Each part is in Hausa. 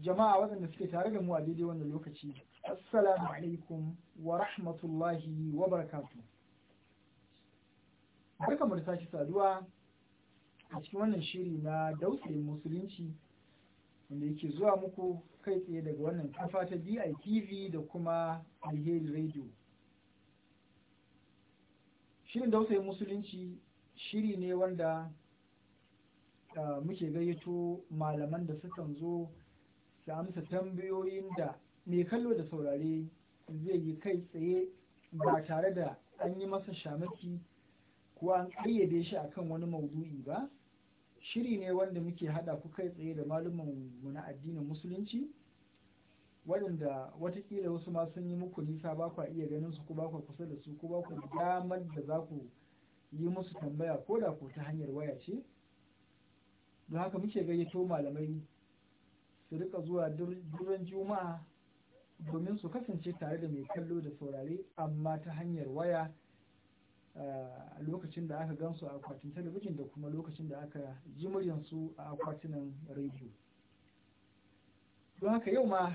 jama'a waɗanda suke tare da mu a daidai wannan lokaci assalamu alaikum wa rahmatullahi wa barakatu barka mu da sake saduwa a cikin wannan shiri na dausayin musulunci wanda yake zuwa muku kai tsaye daga wannan kafa ta bitv da kuma alheri radio shirin dausayin musulunci shiri ne wanda ah, muke gayyato malaman da sukan zo su amsa tambayoyin da mai kallo da saurare zai yi kai tsaye ba tare da an yi masa shamaki ko an ƙayyade shi akan wani maudu'i ba shiri ne wanda muke hada ku kai tsaye da malumin mu na addinin musulunci waɗanda watakila wasu ma sun yi muku nisa ba ku iya ganin su ko ba ku kusa da su ko ba damar da za ku yi musu tambaya ko da ku ta hanyar waya ce don haka muke gayyato malamai su rika zuwa duran juma'a domin su kasance tare da mai kallo da saurare amma ta hanyar waya a lokacin da aka gansu a akwatin talabijin da kuma lokacin da aka ji muryansu a akwatinan rediyo don haka yau ma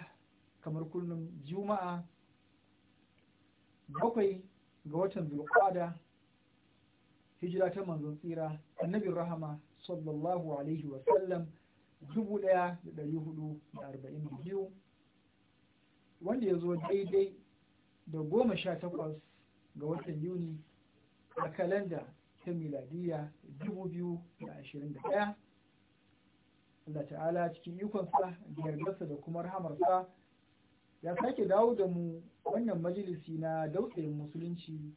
kamar kullum juma'a bakwai ga watan zulqada hijira ta manzon tsira annabin rahama sallallahu alaihi wa sallam dubu ɗaya da ɗari hudu da arba'in da biyu wanda ya zo daidai da goma sha takwas ga watan yuni a kalanda ta miladiyya dubu biyu da ashirin da ɗaya Allah ta'ala cikin ikonsa da yardarsa da kuma rahamarsa ya sake dawo da mu wannan majalisi na dautsayin musulunci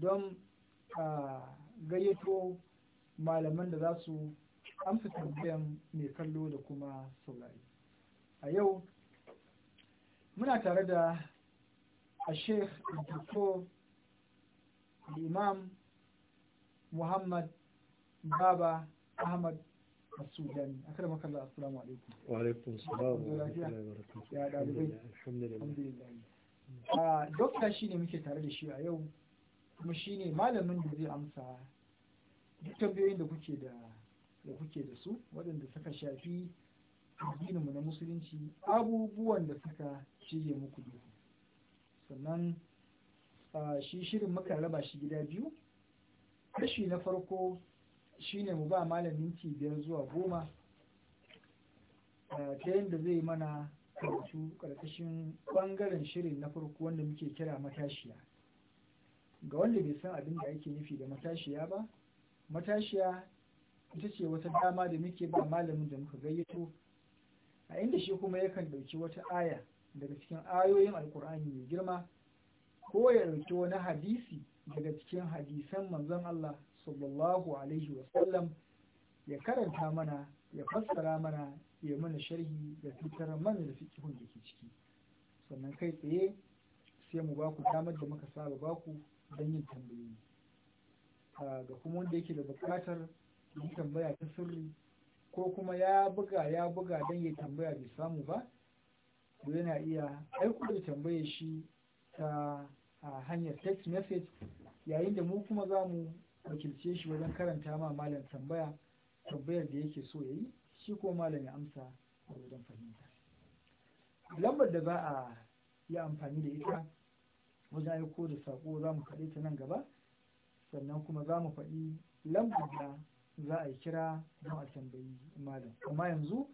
don a ah, gayyato malaman da za su amsa tambayan mai kallo da kuma saurari. A yau, muna tare da a Sheikh Dr. Imam Muhammad Baba Ahmad A kada makalla, Assalamu alaikum. Wa alaikum, salamu alaikum. Ya ɗalibai. Alhamdulillah. Dokta shi ne muke tare da shi a yau, kuma shi ne malamin da zai amsa duk tambayoyin da kuke da da kuke da su waɗanda suka shafi addininmu na musulunci abubuwan da suka shige muku duhu sannan shi shirin muka raba shi gida biyu kashi na farko shine mu ba malamin biyar zuwa goma ta yadda zai mana karatu karkashin ɓangaren shirin na farko wanda muke kira matashiya ga wanda bai san abin da ake nufi da matashiya ba matashiya ita ce wata dama da muke ba malamin da muka gayyato a inda shi kuma yakan dauki wata aya daga cikin ayoyin alkur'ani mai girma ko ya ɗauki wani hadisi daga cikin hadisan manzon Allah sallallahu alaihi sallam ya karanta mana ya fassara mana ya mana sharhi ya fitar mana da fikihun da ke ciki sannan kai tsaye sai mu ba ku damar da muka saba ba ku don yin tambayoyi ah, ga kuma wanda yake da bukatar yi tambaya ta sirri ko kuma ya buga ya buga don ya tambaya bai samu ba to yana iya aiko da tambaye shi ta hanyar text message yayin da mu kuma za mu wakilce shi wajen karanta ma malam tambaya tambayar da yake so ya yi shi ko malam ya amsa a wajen fahimta lambar da za a yi amfani da ita wajen aiko da sako za mu faɗi ta nan gaba sannan kuma za mu faɗi lambar da za a yi kira don a tambayi malam amma yanzu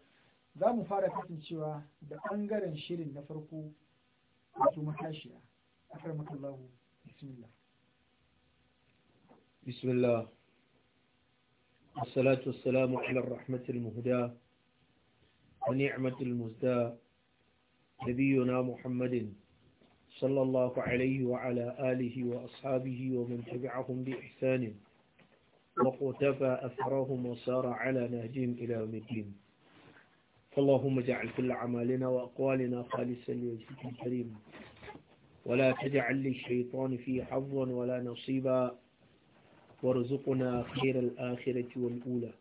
za mu fara kasancewa da ɓangaren shirin na farko wato matashiya a karmakallahu bismillah bismillah الصلاة والسلام على الرحمة المهداة ونعمة المزداة نبينا محمد صلى الله عليه وعلى آله وأصحابه ومن تبعهم بإحسان وقتفى أثرهم وسار على نهجهم إلى يوم الدين فاللهم اجعل كل عمالنا وأقوالنا خالصا لوجهك الكريم ولا تجعل للشيطان فيه حظا ولا نصيبا وارزقنا خير الآخرة والأولى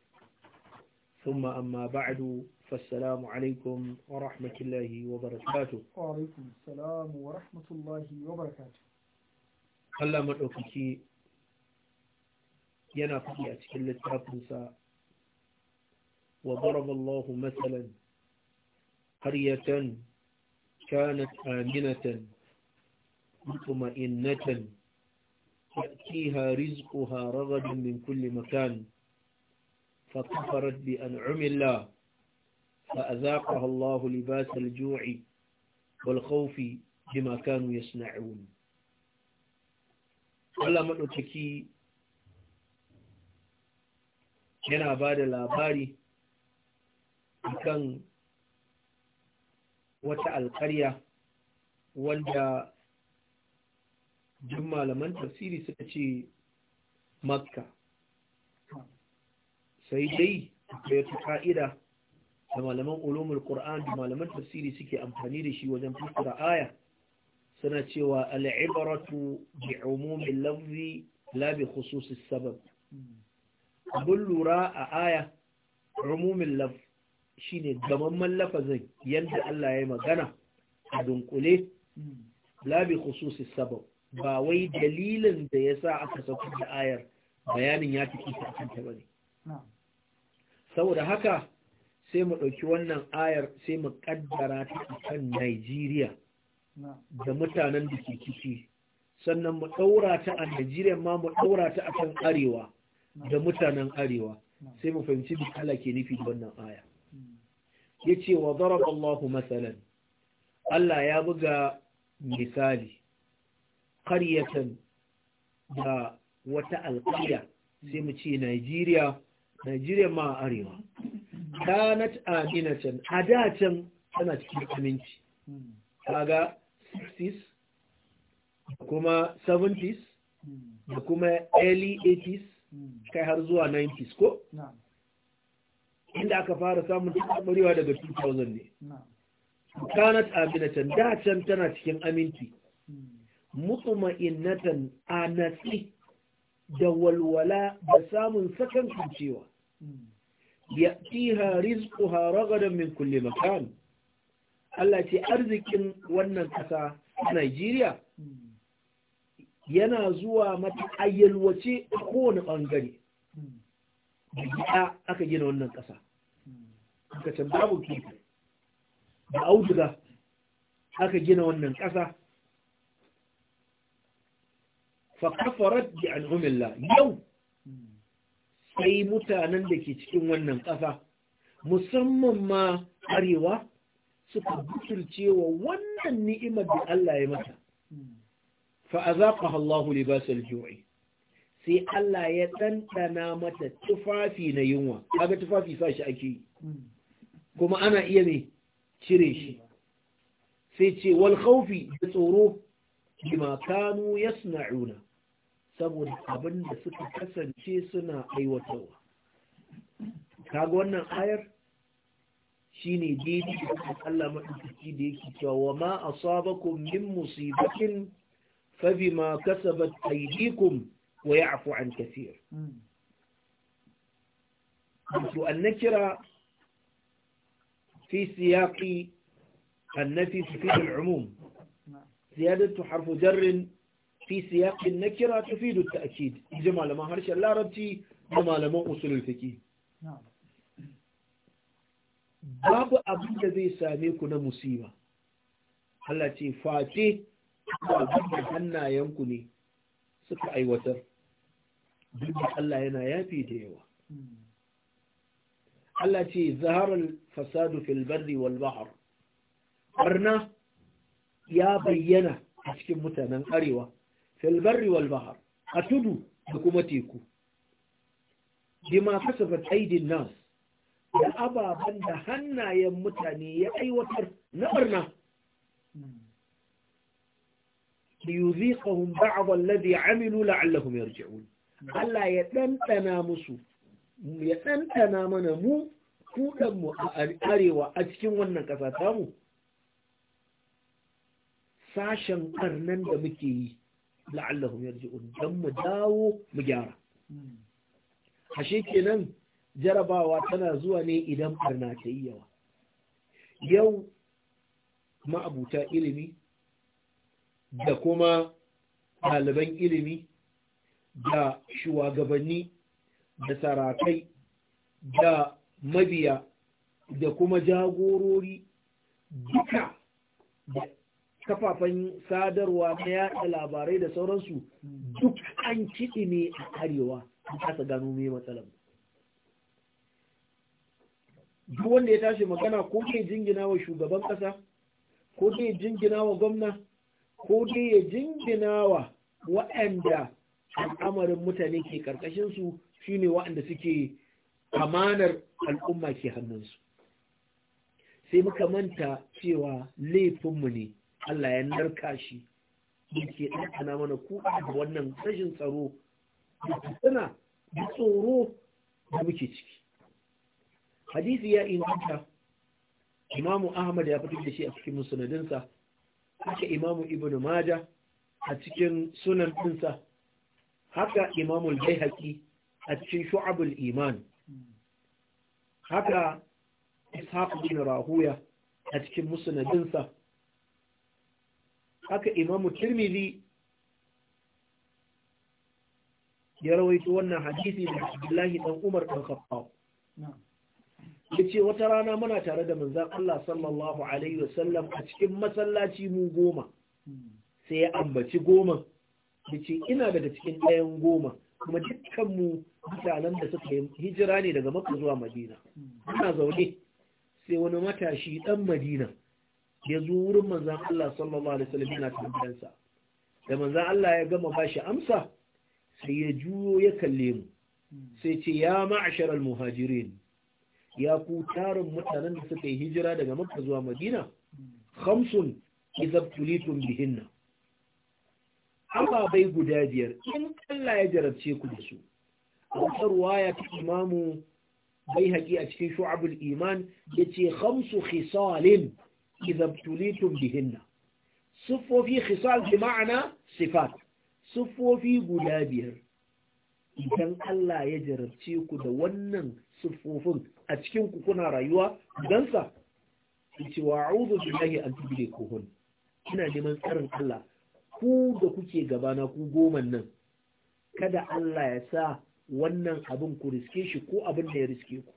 ثم أما بعد فالسلام عليكم ورحمة الله وبركاته وعليكم السلام ورحمة الله وبركاته هلا مدعوكي yana faɗi a cikin littafinsa wa daraballahu matsalan qaryatan kanat aminatan mutma'innatan تأتيها رزقها رغدا min kulli makan فكفرت بأنعم الله فأذاقها الله لباس الجوع والخوف بما كانوا يصنعون Allah maɗaukaki yana ba da labari kan wata alkarya wanda jin malaman tafsiri suka ce makka sai dai akwai wata ka'ida da malaman ulumul qur'an da malaman tafsiri suke amfani da shi wajen fassara aya suna cewa al'ibaratu bi umumin lafzi la bi khususis sabab abin lura a aya rumumin laf shi ne gamamman lafazin yadda Allah ya yi magana a dunkule labi khususi sabab ba wai dalilin da ya sa aka sauka da ayar bayanin ya fi kisa kan ta saboda haka sai mu ɗauki wannan ayar sai mu ƙaddara ta kan Najeriya da mutanen da ke ciki sannan mu ɗaura ta a Najeriya ma mu ɗaura ta a kan arewa da mutanen arewa sai mu fahimci duk Allah ke nufi da wannan aya yace wa daraba Allahu masalan Allah ya buga misali qaryatan da wata alƙarya sai mu ce Najeriya Najeriya ma arewa kanat aminatan adatan tana cikin aminci kaga 60s kuma 70s da kuma early 80s kai har zuwa 90s ko inda aka fara samun tabarewa daga 2000 ne kanat aminatan da can tana cikin aminci hmm. mutuma'innatan a natsi da walwala da samun sakan cewa hmm. ya tiha rizquha ragadan min kulli makan Allah ce arzikin wannan ƙasa Najeriya hmm. yana zuwa mata ayyalwace a kowane ɓangare da aka gina wannan ƙasa aka can babu kifi da auduga aka gina wannan ƙasa faƙafarat da al'umilla yau sai mutanen da ke cikin wannan ƙasa musamman ma arewa suka butulce wa wannan ni'imar da Allah ya mata فأذاقها الله لباس الجوع sai Allah ya ɗanɗana mata tufafi na yunwa kaga tufafi sa shi ake kuma ana iya ne cire shi sai ce wal khawfi da tsoro bima kanu yasna'una saboda abin da suka kasance suna aiwatarwa kaga wannan ayar shine daidai da Allah madaukaki da yake cewa wa ma asabakum min musibatin فبما كسبت أيديكم ويعفو عن كثير مثل النكرة في سياق النفي تفيد العموم نعم. زيادة حرف جر في سياق النكرة تفيد التأكيد جمال ما هرش الله ربتي جمال ما أصل الفكي نعم. باب أبو da zai same ku na musiba abinda hannayenku ne suka aiwatar duk Allah yana yafi da yawa Allah ce zaharar fasadu fil barri wal barna ya bayyana a cikin mutanen arewa fil barri wal a tudu da kuma teku bima kasabat nas da ababen da hannayen mutane ya aiwatar na barna hmm. liyuziqahum ba'd alladhi amilu la'allahum yarji'un Allah ya ɗanɗana musu ya ɗanɗana mana mu kudanmu a arewa a cikin wannan ƙasa tamu sashen ƙarnan da muke yi la'allahum yarji'un don mu dawo mu gyara ashe kenan jarabawa tana zuwa ne idan ƙarna ta yi yawa yau ma'abuta ilimi da kuma ɗaliban ilimi da shugabanni da sarakai da mabiya da kuma jagorori duka da kafafen sadarwa na yaɗa labarai da sauransu duk an kiɗi ne a arewa a kasa gano mai matsalar duk wanda ya tashi magana ko ke jingina wa shugaban ƙasa ko ke jingina wa gwamna ko dai ya jinginawa waɗanda al'amarin mutane ke ƙarƙashin su shine waɗanda suke amanar al'umma ke hannunsu sai muka manta cewa laifinmu ne Allah ya narka shi ke ɗanɗana mana kuɗi da wannan rashin tsaro da tsana da tsoro da muke ciki hadisi ya inganta imamu ahmad ya fitar da shi a cikin musanadinsa haka imamu ibn maja a cikin sunan dinsa haka al bai a cikin shu'abul iman haka ishaq bin rahuya a cikin musnadinsa haka imamu tirmidhi ya rawaito wannan hadisi da abdullahi dan umar dan khattab ya ce wata rana muna tare da manzan Allah sallallahu Alaihi wasallam a cikin masallaci mu goma sai ya ambaci goma ya ce ina daga cikin ɗayan goma kuma dukkanmu mutanen da suka yi hijira ne daga maka zuwa madina muna zaune sai wani matashi ɗan madina ya zo wurin manzan Allah sallallahu Alaihi wasallam yana tambayansa da manzan Allah ya gama ba shi amsa sai ya juyo ya kalle mu sai ce ya ma'ashar muhajirin ya ku tarin mutanen da suka yi hijira daga makka zuwa madina khamsun izabtulitum bihinna ababai guda biyar in Allah ya jarabce ku da su akwai waya ta imamu bai haƙi a cikin shu'abul iman ya ce khamsu khisalin izabtulitum bihinna Sifofi khisal bi ma'ana sifat siffofi guda biyar idan Allah ya jarabce ku da wannan sifofin. a cikin ku kuna rayuwa dan sa yace wa a'udhu billahi an tudrikuhun ina neman tsarin Allah ku da kuke gabana ku goma nan kada Allah ya sa wannan abin ku riske shi ko abin da ya riske ku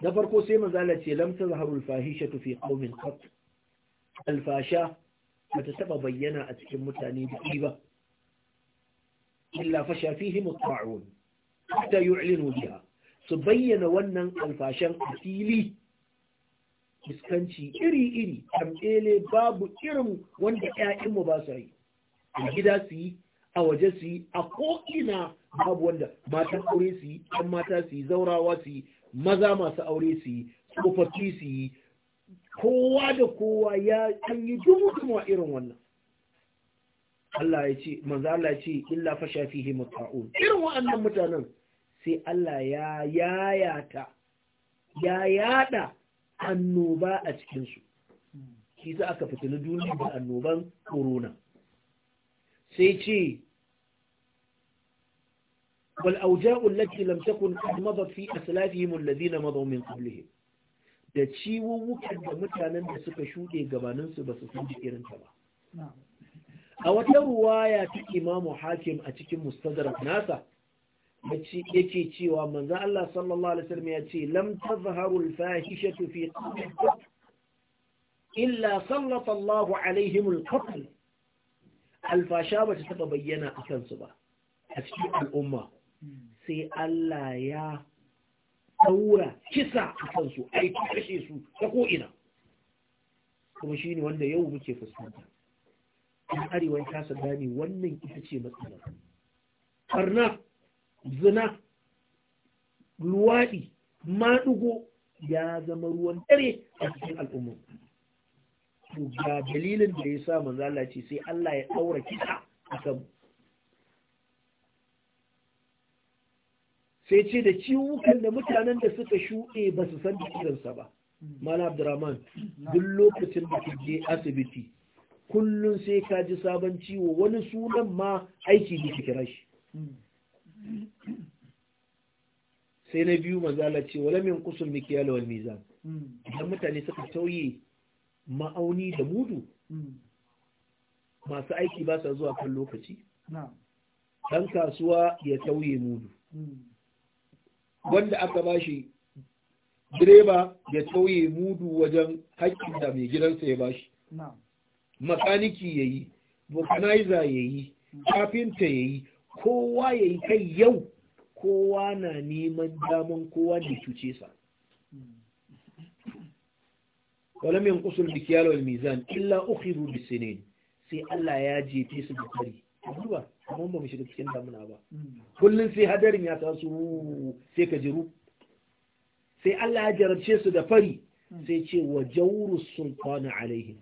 na farko sai manzala ce lam zahar fahishatu fi qaumin qat al-fasha bata taba bayyana a cikin mutane da ba illa fasha fihim at-ta'un hatta yu'linu biha su bayyana wannan alfashen a fili fuskanci iri-iri tamɓele babu irin wanda ‘ya'yanmu ba su yi a gida su yi a waje su yi a ko'ina babu wanda matan aure su yi ‘yan mata su yi zaurawa su yi maza masu aure su yi tsofaffi su yi kowa da kowa ya kan yi dumu irin wannan Allah ya ce manzo Allah ya ce illa fasha muta'un irin waɗannan mutanen sai Allah ya yayata ya yada annoba a cikinsu shi za aka fitini duniya da annoban corona sai ce wal التي لم تكن قد مضت fi أسلافهم الذين مضوا min قبلهم da ciwuwukan da mutanen da suka shuɗe gabaninsu ba su san irin ta ba. A wata ruwaya ta imamu hakim a cikin mustadrak nasa yake cewa manzo Allah sallallahu alaihi wasallam ya ce lam tazharu al-fahishatu fi qawmin illa sallata Allahu alaihim al-qatl al-fasha ba ta taba bayyana a kansu ba a cikin al'umma sai Allah ya ta'ura kisa a kansu ai kashe su ta ko ina kuma shine wanda yau muke fuskanta in arewa ta sadani wannan ita ce matsalar barna zina luwaɗi maɗugo ya zama ruwan dare a cikin al'umma to ga dalilin da ya sa manzo sai Allah ya ɗaura kisa akan sai ce da ciwukan da mutanen da suka shuɗe ba su san irinsa ba mala abdurrahman duk lokacin da ta je asibiti kullum sai ka ji sabon ciwo wani sunan ma aiki ne ta kira shi sai na biyu mazala ce wala min kusur mikiyal wal mizan idan mutane suka tauye ma'auni da mudu masu aiki ba sa zuwa kan lokaci dan kasuwa ya tauye mudu wanda aka bashi direba ya tauye mudu wajen haƙƙin da mai gidansa ya bashi makaniki yayi vulcanizer yayi kafinta yayi kowa ya yi kai yau kowa na neman daman kowa da cuce sa wala min qusul bikiyal wal mizan illa ukhiru bisinin sai Allah ya jefe su da kari duba ba mu shiga cikin damuna ba Kullum sai hadarin ya taso sai ka jiru sai Allah ya jarabce su da fari sai ce wa sun kwana alaihim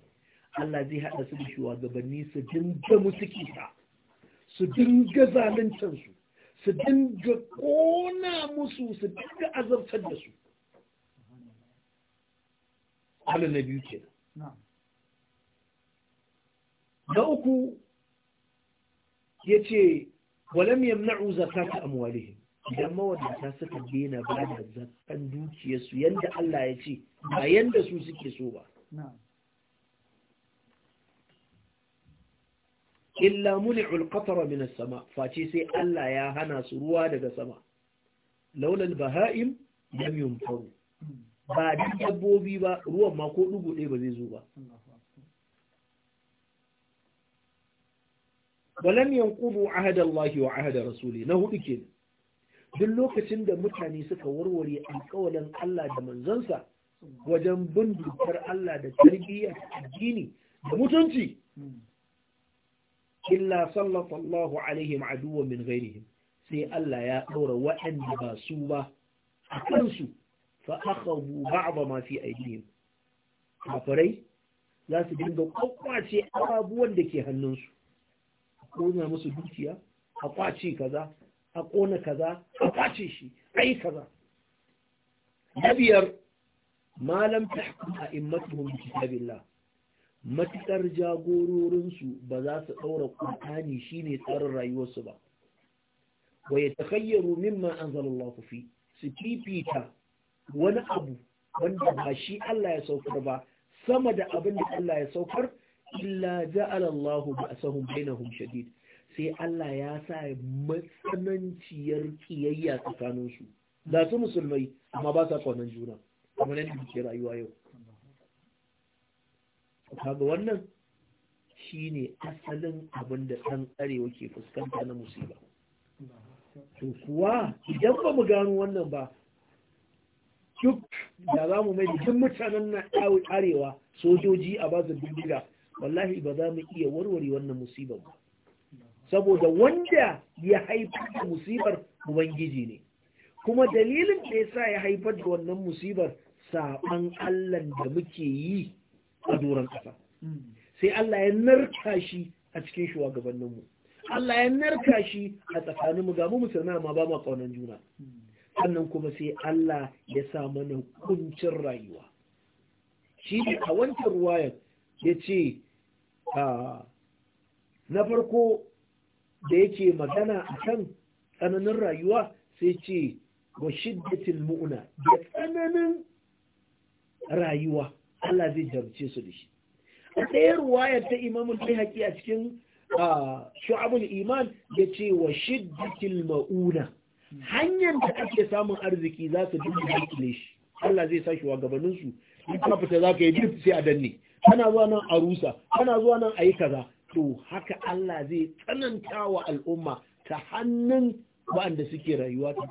Allah zai haɗa su da shugabanni su dinga musu kisa su dinga zaluntansu su su dinga kona musu su dinga azabtar da su halin na biyu ke da uku ya ce walam yamna'u zakata amwalihim idan mawadata suka daina ba da zakan dukiyarsu yadda Allah ya ce ba yanda su suke so ba illa muli'ul qatara min as-sama face sai Allah ya hana su ruwa daga sama laulal baha'im lam yumtaru ba da dabbobi ba ruwan ma ko dugu ɗaya ba zai zo ba walam yanqudu ahada Allah wa ahada rasuli na hudu ke. duk lokacin da mutane suka warware alƙawarin Allah da manzansa wajen bin dokar Allah da tarbiyyar addini da mutunci hmm. illa sallallahu alaihim aduwwan min gairihim sai Allah ya daura waɗanda ba su ba a kansu fa akhadhu ba'd ma fi aydihim kafirai za su dinga kwakwace abubuwan da ke hannunsu a kona musu dukiya a kwace kaza a ƙona kaza a kwace shi ai kaza na biyar malam tahkum a immatuhum bi kitabillah matuƙar jagororinsu ba za su ɗaura ƙur'ani shine tsarin rayuwarsu ba wa ya takayyaru mimma anzalallahu fi su fifita wani abu wanda ba shi Allah ya saukar ba sama da abin da Allah ya saukar illa ja'ala Allahu ba'sahum bainahum shadid sai Allah ya sa matsananciyar kiyayya tsakaninsu da su musulmai amma ba sa kaunan juna Kuma ne ke rayuwa yau kaga wannan shine asalin abin da ɗan arewa ke fuskanta na musiba to kuwa idan ba mu gano wannan ba duk da za mu mai duk mutanen na arewa sojoji a ba bindiga wallahi ba za mu iya warware wannan musibar ba saboda wanda ya haifar da musibar ubangiji ne kuma dalilin da ya sa ya haifar da wannan musibar saɓan Allah da muke yi a doron ƙasa sai Allah ya narka shi a cikin shugabanninmu Allah ya narka shi a tsakaninmu ga mu musulmai amma ba ma ƙaunar juna sannan kuma sai Allah ya sa mana kuncin rayuwa shi ne a wancan ruwayar ya ce ah, na farko da yake magana a kan tsananin rayuwa sai ce wa shiddatin mu'una da tsananin rayuwa Allah zai jamce su da shi a ɗaya ruwayar ta imamul haƙi a cikin shu'abul iman ya ce wa shiddatil ma'una hanyar da ake samun arziki za su da dakile shi Allah zai sa shi wa gabanin su fita za ka yi duk sai a danne kana zuwa nan a rusa kana zuwa nan a yi kaza to haka Allah zai tsananta wa al'umma ta hannun waɗanda suke rayuwa ta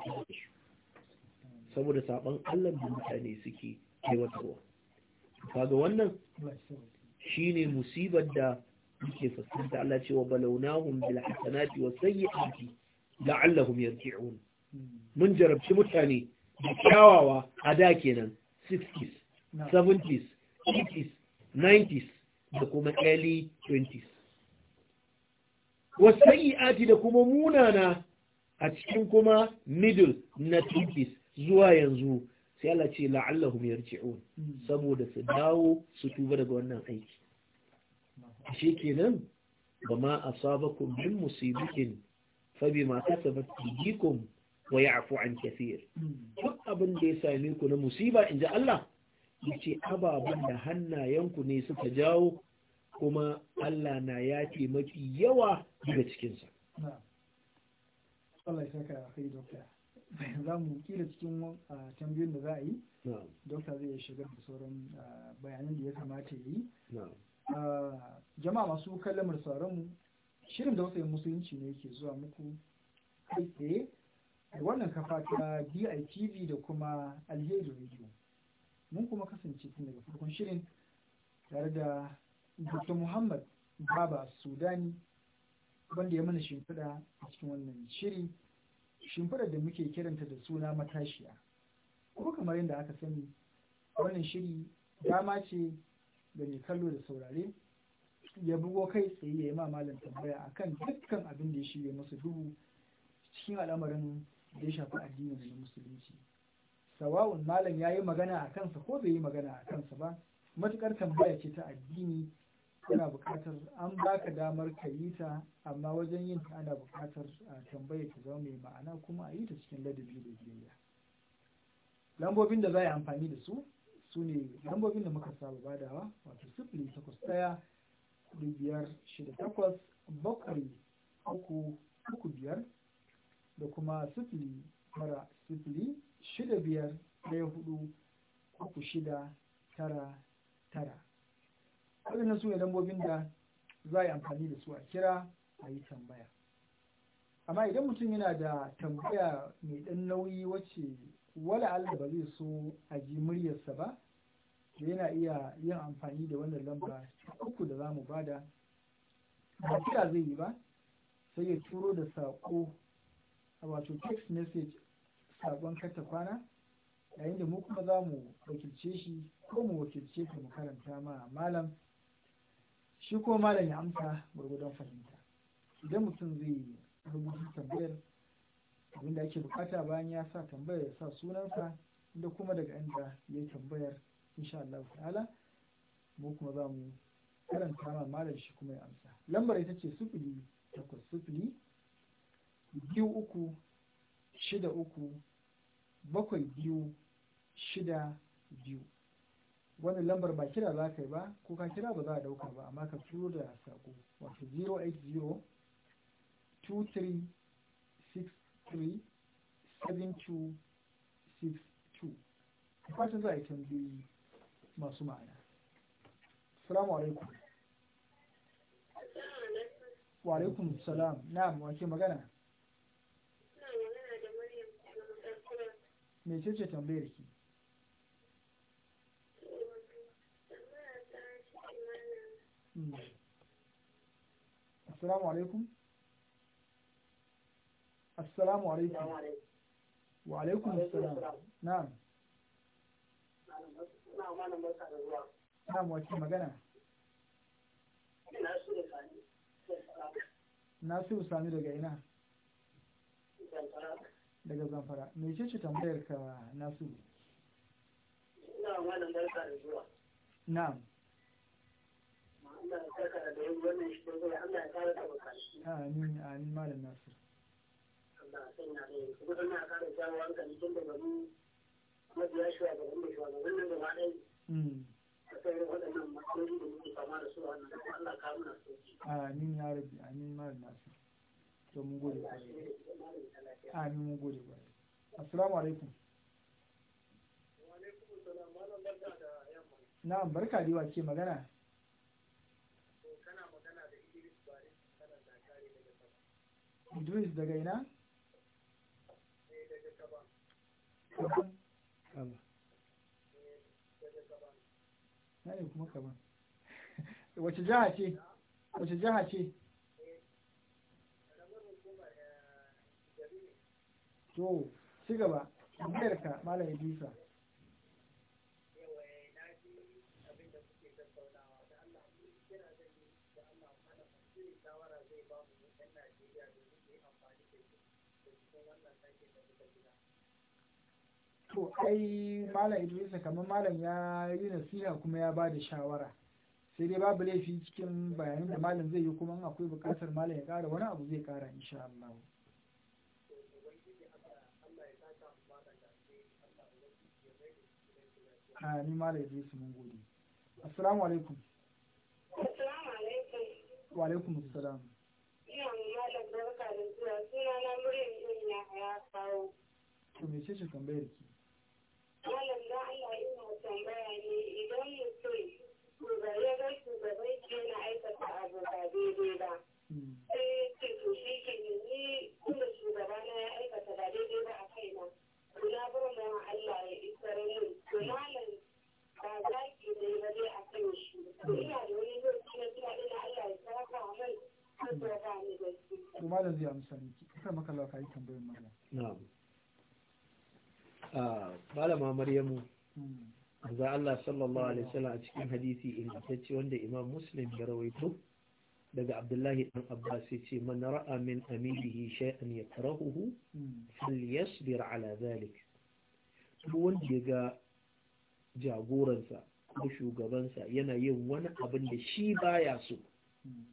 saboda saɓon Allah da mutane suke ruwa. kaga wannan shine musibar da yake fuskanta Allah cewa balawnahum bil hasanati was sayyiati la'allahum yarji'un mun jarabci mutane da kyawawa a da kenan 60s 70s 80s 90s da kuma early 20s was sayyiati da kuma munana a cikin kuma middle na 20s zuwa yanzu sai Allah ce la'allahum yarji'un hmm. saboda su dawo su tuba daga wannan aiki shi kenan ba ma asabakum min musibitin fa bima kasabat aydikum wa ya'fu an kaseer hmm. duk abin da ya same ku na musiba in ji Allah yace ababan da hannayenku ne suka jawo kuma Allah na ce mafi yawa daga cikinsa. Allah ya saka za mu kila cikin tambayoyin da za a yi dokta zai shiga da sauran bayanan da ya kamata ya yi jama'a masu kallamar sauran mu shirin da wasu musulunci ne ke zuwa muku kai tsaye da wannan kafa ta DITV da kuma alheri radio mun kuma kasance tun daga farkon shirin tare da Dr. Muhammad Baba Sudani wanda ya mana shimfiɗa a cikin wannan shiri Shimfidar da muke kiranta da suna matashiya ko kamar yadda aka sani wannan shiri dama ce da mai kallo da saurare ya bugo kai tsaye ya yi malam tambaya a kan dukkan abin da ya shirya musu duhu cikin al'amarin da ya shafi addinin da musulunci sawa'un malam ya yi magana a kansa ko bai yi magana a kansa ba matukar tambaya ce ta addini yana buƙatar an baka damar ka yi ta amma wajen yin ta ana buƙatar tambayar ta zama mai ma'ana kuma a yi ta cikin ladabi da biyayya lambobin da za a yi amfani da su su ne lambobin da muka saba badawa wato sifili takwas ɗaya kuɗi biyar shida takwas bakwai uku uku biyar da kuma sifili tara sifili shida biyar ɗaya hudu uku shida tara tara waɗannan su ne lambobin da za a yi amfani da su a kira a yi tambaya amma idan mutum yana da tambaya mai ɗan nauyi wacce wala Allah ba zai so a ji muryarsa ba da yana iya yin amfani da wannan lamba uku da za mu bada ba kira zai yi ba sai ya turo da saƙo wato text message sabon kata kwana yayin da mu kuma za mu wakilce shi ko mu wakilce ka mu karanta ma malam shi ko malam ya amsa gwargwadon fahimta idan mutum zai rubuta tambayar abin da ake bukata bayan ya sa tambayar ya sa sunansa da kuma daga inda ya tambayar insha Allah ta'ala mu kuma za mu karanta ma malam shi kuma ya amsa lambar ita ce sufuri takwas sufuri biyu uku shida uku bakwai biyu shida biyu wannan lambar ba kira za ka yi ba ko ka kira ba za a dauka ba amma ka turo da sako wato 080 2363 7262 fatan za a yi canji masu ma'ana salamu alaikum wa alaikum salam na wake magana na da mece ce tambayar ki السلام alaikum السلام alaikum wa alaikum نعم نعم na'am wace magana nasiru daga ina daga zamfara mai ce ce tambayar ka na'am Amin, amin, malam Nasir. Hmm. A Na'am, barka da yawa magana. Idris daga ina? Na ne kuma kaban. Wace jiha ce? Wace jiha ce? To, ci gaba, Amerika, Malam Idrisa. to ai malam Idris kamar malam ya yi nasiha kuma ya ba da shawara sai dai babu laifi cikin bayanin da malam zai yi kuma in akwai bukatar malam ya kara wani abu zai kara insha Allah a ni malam idris mun gode assalamu alaikum assalamu alaikum wa alaikum assalam ina malam barka da zuwa sunana Maryam Ina ya kawo to me ce tambayar ki Malam da Allah ina tambaya ne idan mutum ya ga shugaban shi yana aikata abu ba daidai ba. Hmm. Sai ce to shi ke ni kuma na ya aikata ba daidai ba a kaina. Na bar ma Allah ya isar min. To malam ba za ki ne ba dai a kan shi. Ina da wani lokaci na kira ina Allah ya da min. To malam zai amsa miki. Kuka maka lafa yi tambayar malam. malama maryamu hmm. za Allah sallallahu alaihi wasallam a cikin hadisi ingantacce wanda imam muslim ya rawaito daga abdullahi dan abbas ya ce man ra'a min amilihi shay'an yakrahuhu hmm. falyasbir ala zalik duk wanda ya ga jagoransa ko shugabansa yana yin wani abin da shi baya so hmm.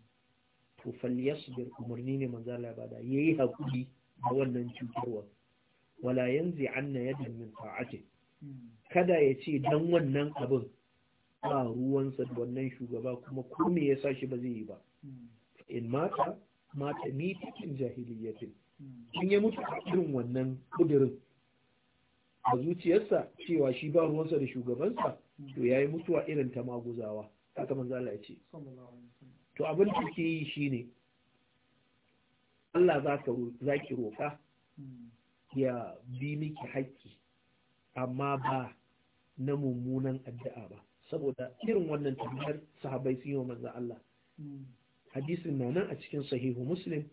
to falyasbir umarni ne manzo Allah ya bada yayi hakuri da wannan cutarwa wala yanzu anna yadin min ta'ati hmm. kada ya ce dan wannan abin ba ruwansa da wannan shugaba kuma ko me yasa shi ba zai yi ba hmm. in mata mata ni cikin jahiliyatin hmm. in ya mutu a irin wannan kudirin a zuciyarsa cewa shi ba ruwansa da shugabansa to yayi mutuwa irin ta maguzawa haka manzo Allah ya ce to abin da ke yi shine Allah za ki roƙa ya bi miki haƙƙi amma ba na mummunan addu'a ba saboda irin wannan tambayar sahabai sun yi wa manzo Allah hadisin na nan a cikin sahihu muslim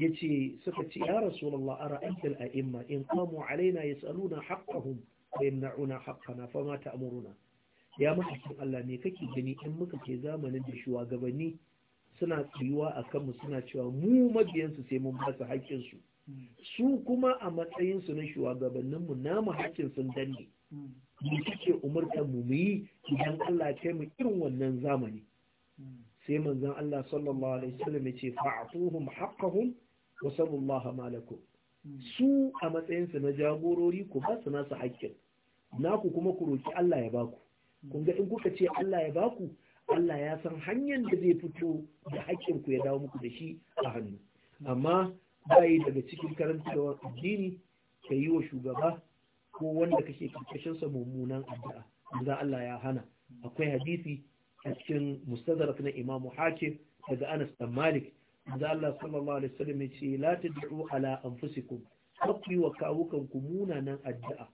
yace ce suka ce ya rasulallah a ra'aikil a'imma in qamu alaina ya haqqahum wa yamna'una haqqana na'una ma fama ta ya mahaifin Allah ne kake gani in muka ke zamanin da shugabanni suna tsayuwa akan mu suna cewa mu mabiyansu sai mun ba su haƙƙinsu su kuma a matsayinsu na shugabanninmu namu hakkin sun danne mu kike umartar mu yi idan Allah ya mu irin wannan zamani sai manzon Allah sallallahu alaihi wasallam ya ce fa'atuhum haqqahum wa sallallahu malakum su a matsayinsu na jagorori ku ba su nasu haƙƙin naku kuma ku roki Allah ya baku kun ga in kuka ce Allah ya baku Allah ya san hanyar da zai fito da hakkin ku ya dawo muku da shi a hannu amma bayi daga cikin karantarwar addini ka yi wa shugaba ko wanda kake karkashinsa mummunan addu'a idan Allah ya hana akwai hadisi a cikin mustadrak na Imam Hakim daga Anas bin Malik idan Allah sallallahu alaihi wasallam ya ce la tad'u ala anfusikum haqqi wa kawukan ku munanan addu'a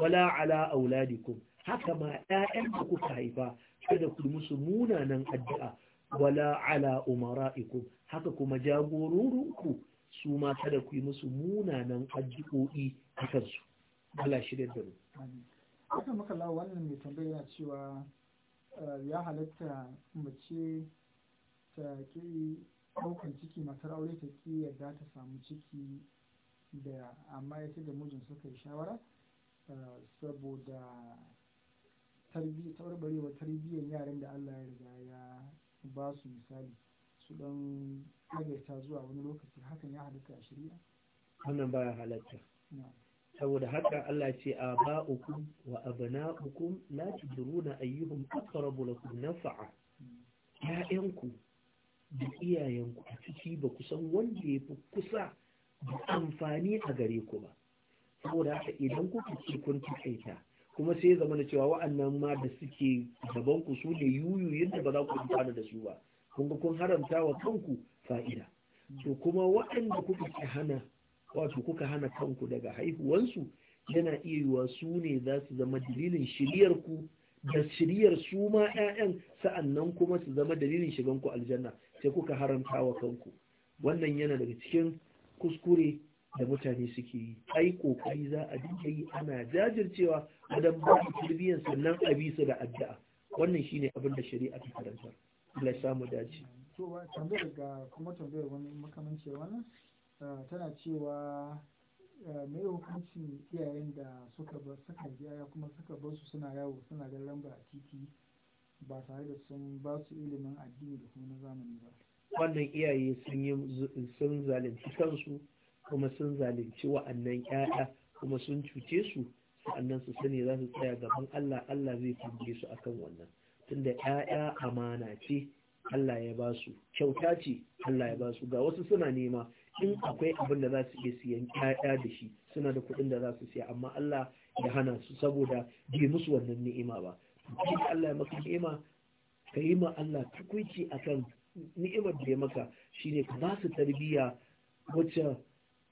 wala ala auladikum haka ma ƴaƴan da kuka haifa kada ku musu munanan addu'a wala ala umara'ikum haka kuma jagororinku su ma kada ku yi musu munanan addu'o'i a kansu Allah shi da mu haka maka lawa wannan mai tambaya yana cewa eh, ya halatta mace ta ke ɗaukar ciki matar aure ta ke yadda ta samu ciki da amma ita da mijin suka yi shawara eh, saboda tarbiyyar yaran da Allah ya riga ya ba su misali su don zuwa wani lokaci hakan ya halatta a shari'a wannan ya halatta saboda haka Allah ce a uku wa abna'ukum la tudruna ayyuhum aqrabu lakum naf'a ya'yanku da iyayenku a ciki ba ku san wanda ya fi kusa da amfani a gare ku ba saboda haka idan kuka ce kun takaita kuma sai zama da cewa wa'annan ma da suke gaban ku su ne yuyuyin da ba za ku amfana da su ba kun ga kun haramta wa kanku fa'ida to kuma waɗanda kuka hana wato kuka hana kanku daga haihuwansu yana iya yiwa su ne za su zama dalilin shiryar da shiryar su ma 'ya'yan sa'annan kuma su zama dalilin shigan ku aljanna sai kuka haramta wa kanku wannan yana daga cikin kuskure da mutane suke yi ai kokari za a dinga yi ana jajircewa wajen ba su sannan a bi su da addu'a wannan shine abin da shari'a ta karanta Allah ya samu dace to tambayar ga kuma tambayar wani makamancin wannan eh, tana cewa eh, mai hukuncin iyayen da suka bar suka biya kuma suka bar su suna yawo suna da lamba a titi ba tare da sun ba su ilimin addini da kuma na zamani ba wannan iyaye sun yi sun zalunci kansu kuma sun zalunci wa'annan ƴaƴa kuma sun cuce su sa'annan su sani za su tsaya gaban Allah Allah zai tambaye su akan wannan tunda ‘ya'ya amana ce Allah ya ba su kyauta ce Allah ya ba su ga wasu suna nema in akwai abin da za su iya siyan ‘ya'ya da shi suna da kuɗin da za su siya amma Allah ya hana su saboda bai musu wannan ni'ima ba Allah ya maka ni'ima ka yi ma Allah a kan ni'imar da ya maka shine ka ba su tarbiyya wacce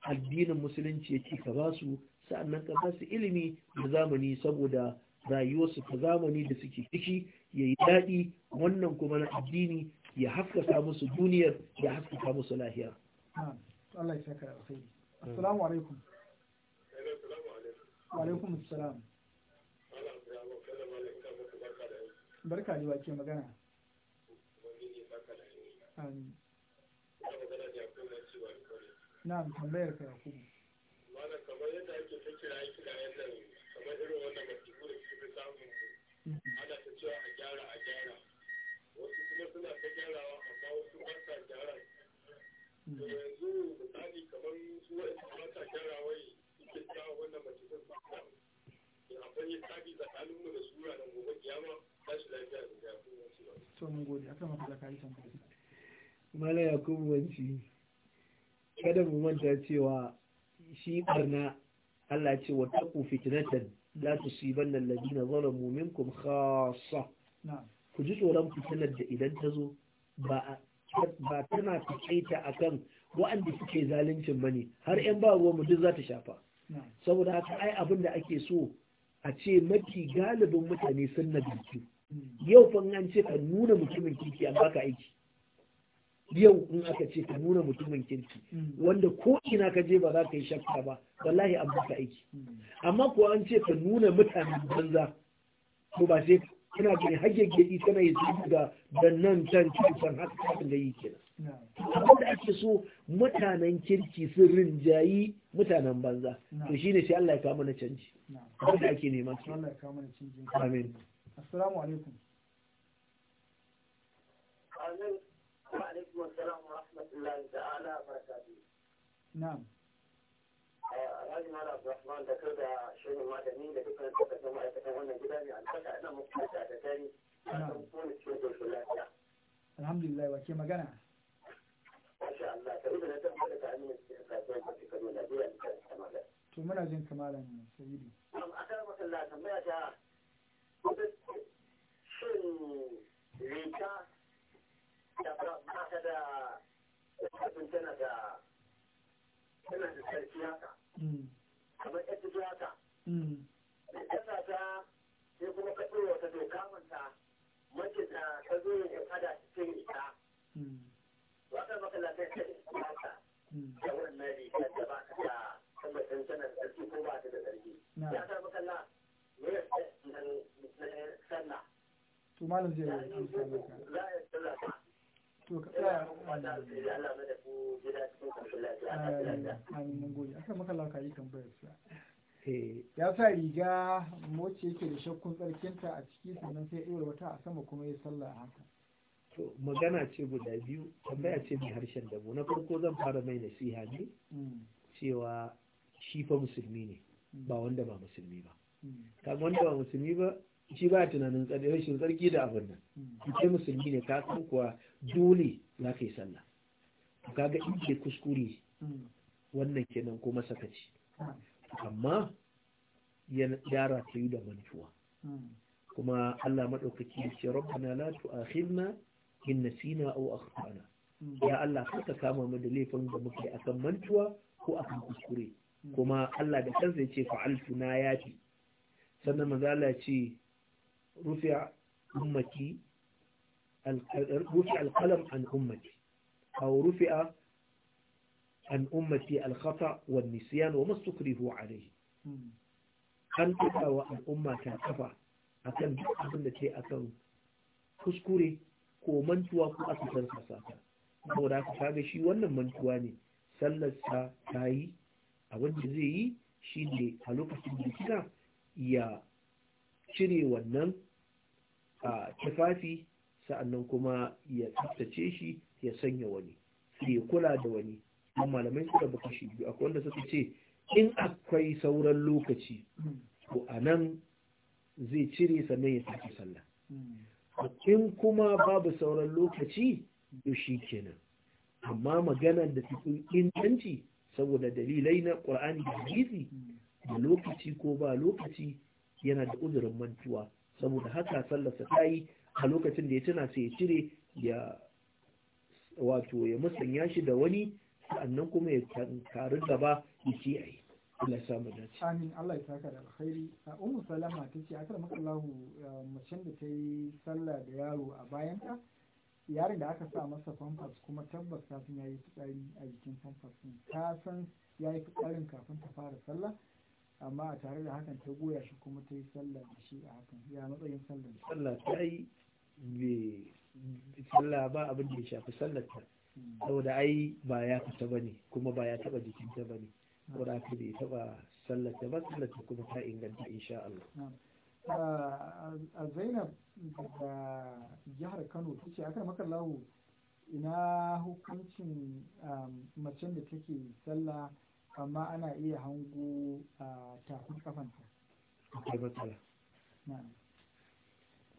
addinin musulunci yake ka ba su sa'annan ka ba su ilimi da zamani saboda rayuwarsu ta zamani da suke ciki ya yi daɗi wannan kuma na addini ya haskaka musu duniyar ya haskaka musu lahira. Allah ya saka Assalamu alaikum. Wa alaikum assalam. Barka magana. Na'am tambayar ka kamar yadda ake ta kira da kamar irin wannan su samu ana ta cewa a gyara a gyara wasu suna ta gyarawa amma wasu gyara yanzu kamar sa da da gobe tashi da wata zakari tambayar. mala yakubu wanci kada mu manta cewa shi barna Allah ce wa taku fitnatan la tusibanna alladhina zalamu minkum khassa ku ji tsoron fitinar da idan tazo ba tana takaita akan wa'anda suke zaluncin bane har yan ba ruwa duk za ta shafa saboda haka ai abin da ake so a ce mafi galibin mutane sun nagartu yau fa an ce ka nuna mutumin kiki an baka aiki yau in aka ce ka nuna mutumin kirki mm. wanda ko ina ka je ba za ka yi shakka ba wallahi an baka aiki mm. amma ko an ce ka nuna mutanen banza ko ba sai kana gani haggegedi kana yi su ga da nan can cikin haka kafin da yi kenan abin da ake so mutanen kirki sun rinjayi mutanen banza to shine sai Allah ya kawo mana canji abin da ake nema Allah ya kawo mana canji amin assalamu alaikum وعليكم السلام ورحمة الله تعالى وبركاته نعم da kai da shirin madani da dukkan kasashen ma'aikatan wannan gida ne albarka ina muku da da dare a kan kone cikin goshin lafiya. Alhamdulillah magana? Masha Allah, ka ibi na tabbata ka amina cikin kasuwan kwafi Kano, To muna jin nufin tana da tana da sarki haka kamar yadda ta haka da ƙasa ta sai kuma ka tsoro wata doka manta mace ta ta zo yin fada ta ce ita wata makalantar ta yi ita da wannan rigar da ba ta kuma tabbacin tana da sarki ko ba ta da sarki ya ta makalla ne ya sallah. Tumalin zai yi amsa maka. Za a yi sallah to ka tsaya amin goyi aka maka yi tambayar sa eh. ya sa riga mace yake da shakkun tsarkinta a ciki sannan sai ɗora wata a sama kuma ya sallah haka to magana ce guda biyu tambaya ce mai harshen dabo na farko zan fara mai nasiha ne mm. cewa shi fa musulmi ne mm. ba wanda ba musulmi ba mm. kaga wanda ba musulmi ba shi ba tunanin tsarki da abin nan ke musulmi ne ka san kuwa dole za ka yi sallah kaga in ke kuskure wannan kenan ko masakaci amma yara ta yi da mantuwa kuma Allah maɗaukaki ya ce rabbana la tu'akhidna in nasina aw akhtana ya Allah ka kama mu da laifin da muke akan mantuwa ko akan kuskure kuma Allah da kansa ya ce fa'altu na yafi sannan manzo Allah ya ce rufi'a ummati رفع القلم عن أمتي أو رفع عن أمتي الخطأ والنسيان وما استكرهوا عليه an kafa wa al'umma ta kafa a kan duk da ke a kan kuskure ko mantuwa ko asusan sasata saboda aka kaga shi wannan mantuwa ne sallar sa tayi abin da zai yi shi ne a lokacin bikina ya cire wannan a tufafi sa'annan kuma ya tsaftace shi ya sanya wani sai ya kula da wani don malamai su da biyu akwai wanda suka ce in akwai sauran lokaci ko a nan zai cire sannan ya sake sallah hmm. in kuma babu sauran lokaci to shi kenan amma maganar da cikin inganci saboda dalilai na ƙur'ani da hadisi da lokaci ko ba lokaci yana da uzurin mantuwa saboda haka sallarsa ta yi a lokacin da ya tuna sai ya cire ya wato ya musanya shi da wani sannan kuma ya karu gaba ya a yi Allah samu dace amin Allah ya saka da alkhairi a ummu salama ce akar maka Allahu eh, macen da ta yi sallah da yaro a bayanta yaron da aka sa masa famfas kuma tabbas kafin ya yi fitsari a jikin famfas ɗin ta san ya yi fitsarin kafin ta fara sallah amma a tare da hakan ta goya shi kuma ta yi sallah da shi a hakan ya matsayin sallah sallah ta yi sallah ba abin da ya shafi sallarta saboda ai ba ya fita ba ne kuma ba ya taba jikinta ba ne saboda haka bai taba sallarta ba sallarta kuma ta inganta insha Allah a zainab da jihar kano ta ce akan lawo ina hukuncin um, macen da take sallah amma ana iya hango uh, tafin kafanta.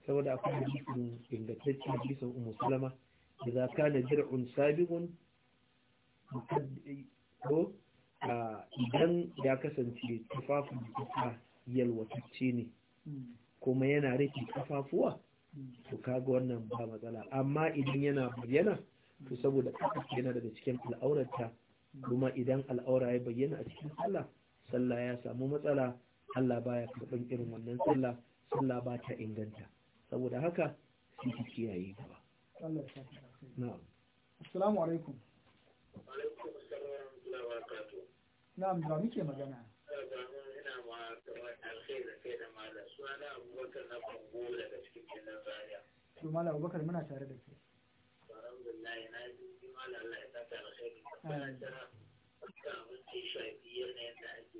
saboda akwai hadisin ingantaccen hadisin umu salama idza kana jir'un sabiqun ko idan ya kasance tufafu jikinsa yalwatacce ne kuma yana rike kafafuwa to kaga wannan ba matsala amma idan yana bayyana to saboda kafin yana daga cikin al'aurarta kuma idan al'aura ya bayyana a cikin sallah sallah ya samu matsala Allah baya karɓan irin wannan sallah sallah ba ta inganta saboda haka sai ki kiyaye gaba na'am assalamu alaikum na'am da muke magana to abubakar muna tare da ke alhamdulillah da ake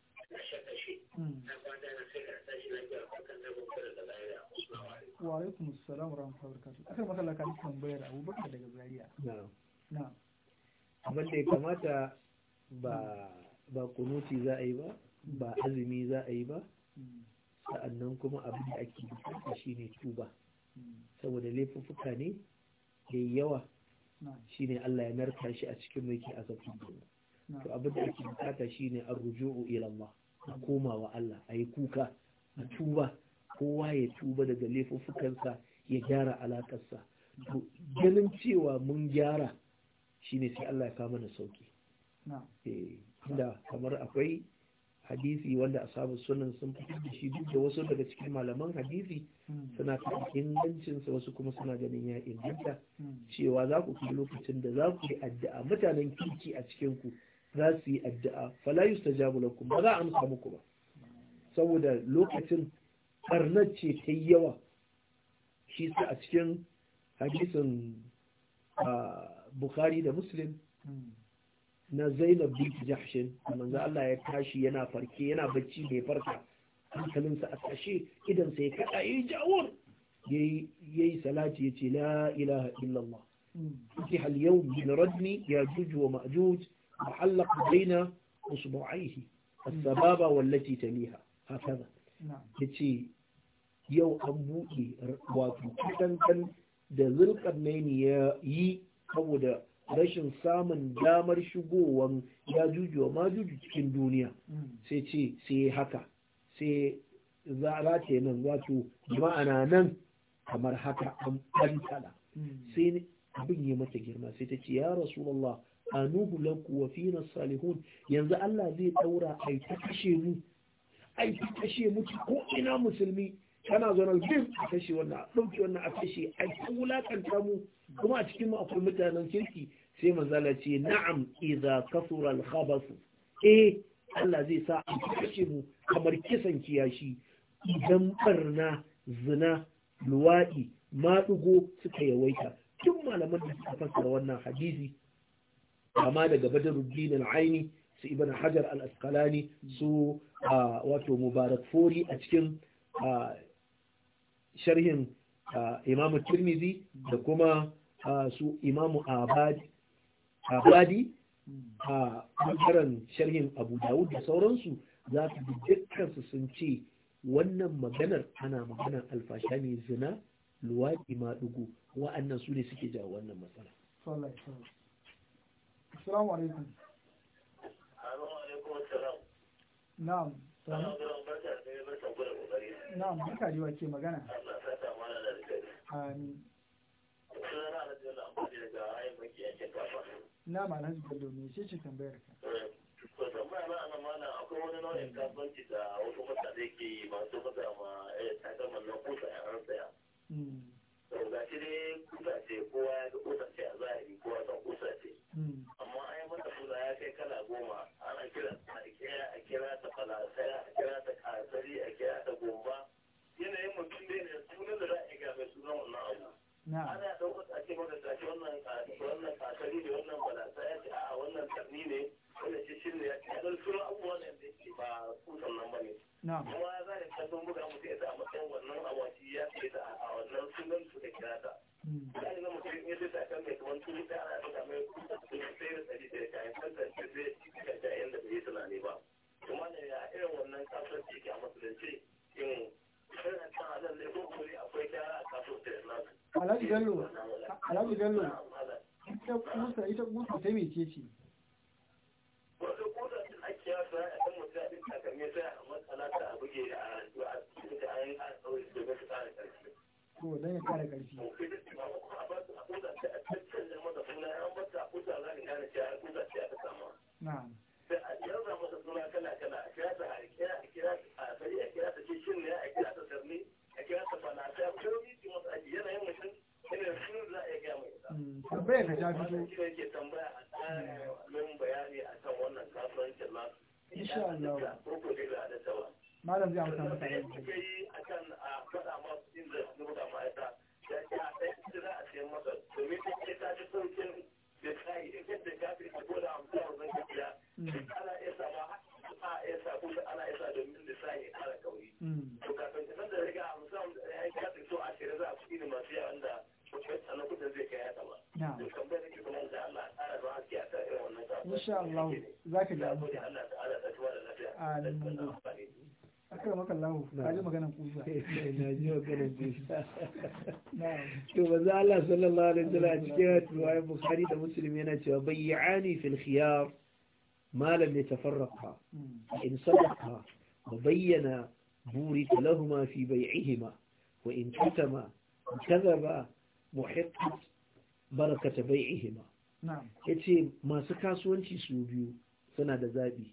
Hmm. wa alaikum assalam wa rahmatullahi wa barakatuh akan matsala kan tambayar abubakar daga zaria na abin da ya kamata ba ba kunuti za a yi ba ba azumi za a yi ba hmm. sa'annan kuma abin da ake bukata shine tuba hmm. saboda laifuffuka ne da yawa shine Allah ya narka shi a cikin mai ke azabtun to abin da ake bukata shine an ila Allah a koma wa Allah a yi kuka a tuba kowa ya tuba daga laifuffukansa ya gyara alakarsa to ganin cewa mun gyara shine sai Allah ya kama na sauki inda eh, kamar akwai hadisi wanda asabu sunan sun fitar da shi duk da wasu daga cikin malaman hadisi hmm. suna kan wasu kuma suna ganin ya inganta hmm. cewa za ku fi lokacin da za ku yi addu'a mutanen kirki a cikin ku za su yi addu'a fala yustajabu lakum ba za a amsa muku ba saboda lokacin barnar ce ta yawa shi su a cikin hadisin Bukhari da Muslim na Zainab bin Jahshin manzo Allah ya tashi yana farke yana bacci bai farka hankalinsa a tashe idan sai kada yayi jawur yayi salati yace la ilaha illallah yake hal yau min ya juju wa ma'juj معلق بين أصبعيه السبابة والتي تليها هكذا يتي يو أبوئي واتو كتن كان da zulkarnaini ya yi saboda rashin samun damar shigowan ya juju wa majuju cikin duniya sai ce sai haka sai zara ce nan wato ma'ana nan kamar haka an bantala sai abin yi mata girma sai ta ce ya rasulallah anuhu lanku wa fina salihun yanzu Allah zai daura ai ta kashe mu ai ta kashe mu ko ina musulmi kana zonar din a kashe wannan a ɗauki wannan a kashe ai cikin wulakanta mu kuma a cikin akwai mutanen kirki sai manzala ce na'am idza kasura al-khabas eh Allah zai sa a kashe mu kamar kisan kiyashi idan barna zina luwaɗi maɗugo suka yawaita tun malaman da suka fassara wannan hadisi kama daga badaruddin al-aini su ibn hajar al su wato mubarak fori a cikin sharhin imamu tirmizi da kuma su imamu abadi a ɓangaren sharhin abu dawud da sauransu za ka bi dukkansu sun ce wannan maganar ana maganar alfasha ne zina luwaɗi ma wa'annan su ne suke jawo wannan matsala Assalamu alaikum. Na'am. Na'am, duka jiwa ke magana. Amin. Na'am, Alhaji Bello ne ce ce tambayar ka. To tambaya na ana mana akwai wani nau'in kasuwanci da wasu mutane ke yi masu fasa ma irin takamman nan kusa ya an saya. To ga kusa ce kowa ya ga ce a zahiri kowa san kusa ce. Hmm. kai goma ana kiran ta ikea a kira ta falasaya a kira ta kasari a kira ta gomba yanayin mutum dai ne da za a iya wannan abu ana ɗaukar a ce maka wannan wannan kasari ne wannan falasaya ce a'a wannan ne wannan shi shirne ya ce a da ba kusan nan ba ne kuma za a yi kasan buga mutum ya sa a wannan awaci ya ce a wannan Bello, Alhaji Bello, ita kusa ita kusa ta mece ce? الله ذاك الأبوية على آه، نعم. أكرم الله هذا ما كان نقوله نجوا كان نقوله شو بزعل الله صلى الله عليه وسلم أشكيت رواية البخاري ومسلم ينتهي بيعاني في الخيار ما لم يتفرقها إن صدقها وبين بورك لهما في بيعهما وإن كتما كذبا محقت بركة بيعهما ya ce masu kasuwanci su biyu suna da zaɓi